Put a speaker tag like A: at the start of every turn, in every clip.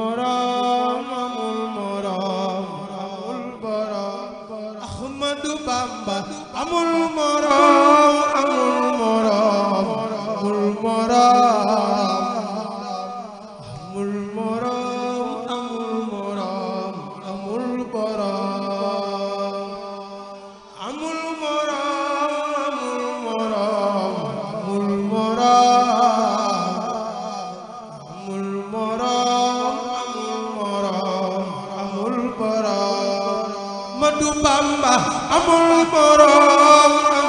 A: Lord. Bamba amul borom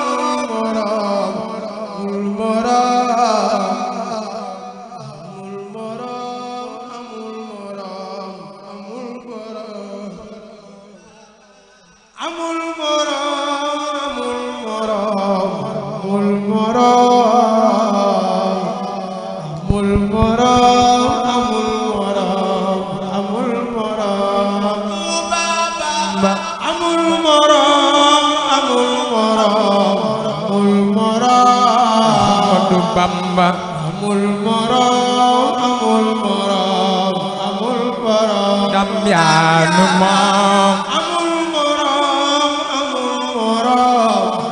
A: Bamba amul moroom amul moroom amul moroom ndam yaa nu moom amul moroom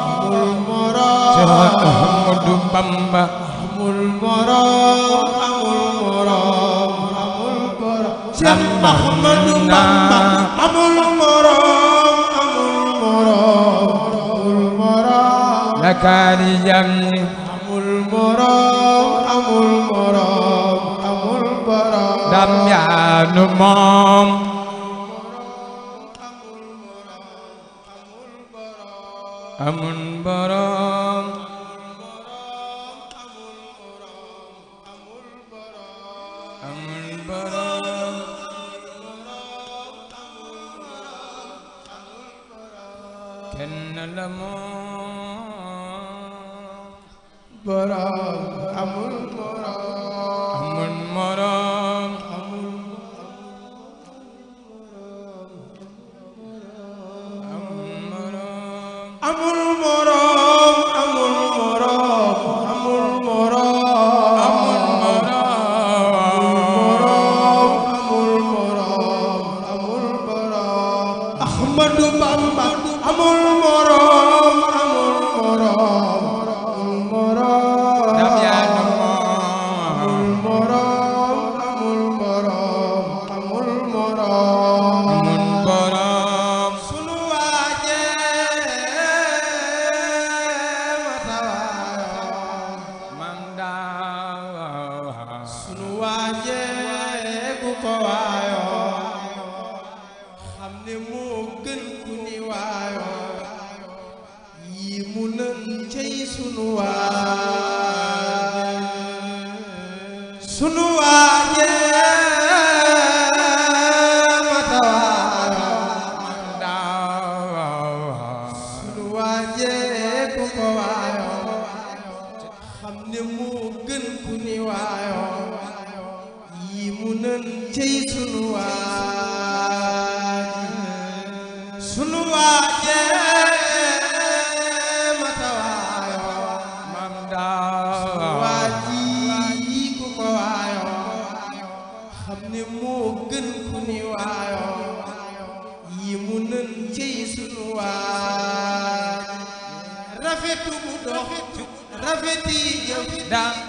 A: amul moroom amul moroom Seex Ahmadu Bamba amul moroom amul moroom amul moroom Seex Ahmadu Bamba amul moroom amul moroom amul moroom lakaani jàng borom amul borom amul borom uh, amul morom amul morom amul morom amul morom amul ko waayoo xam ne moo gën ku ni waayoo yii mu nan cay sunu waa nan cey sunu waaj sunu waaje mata waayo mam daaw waaji ku ko waayo xam ni mu nan cey sunu waaj rafetu bu dox rafeti jëf daa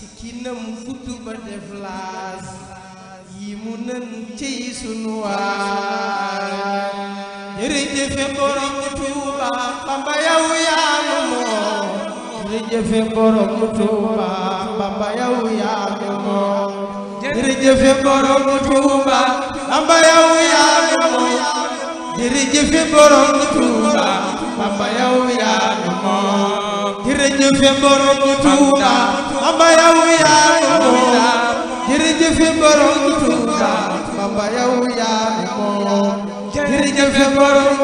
A: sikkinam futu ba def laas yi mu nan ciy sunu waar jërëjëfe Bamba yow moom jërëjëfe borom Bamba yow moom jërëjëfe borom Bamba yow moom Bamba yow yaa Bamba yow yaa ni moom jërëjëfe borom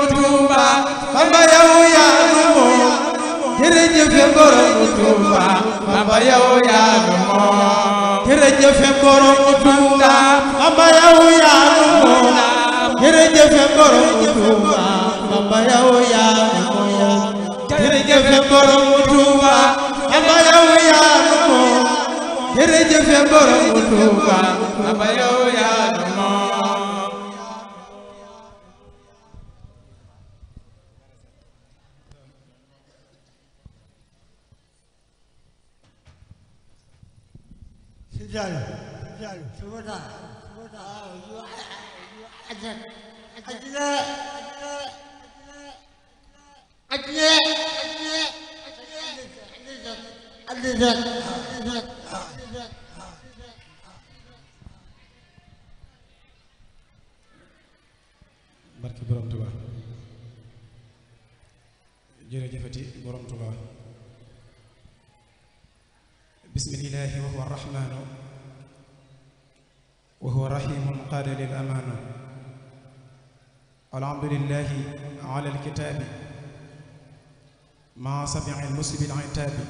A: Bamba yow yaa ni jëfe borom Tuuba aba yow yaa nu moom si jal jal subata subata ajna ajna ajna ajna bismillaahi wa huwa rahmaanu wa huwa rahiimun qaada lil amaanu alhamdulillaahi ala alkitaabi maa sabiil musibil itaabi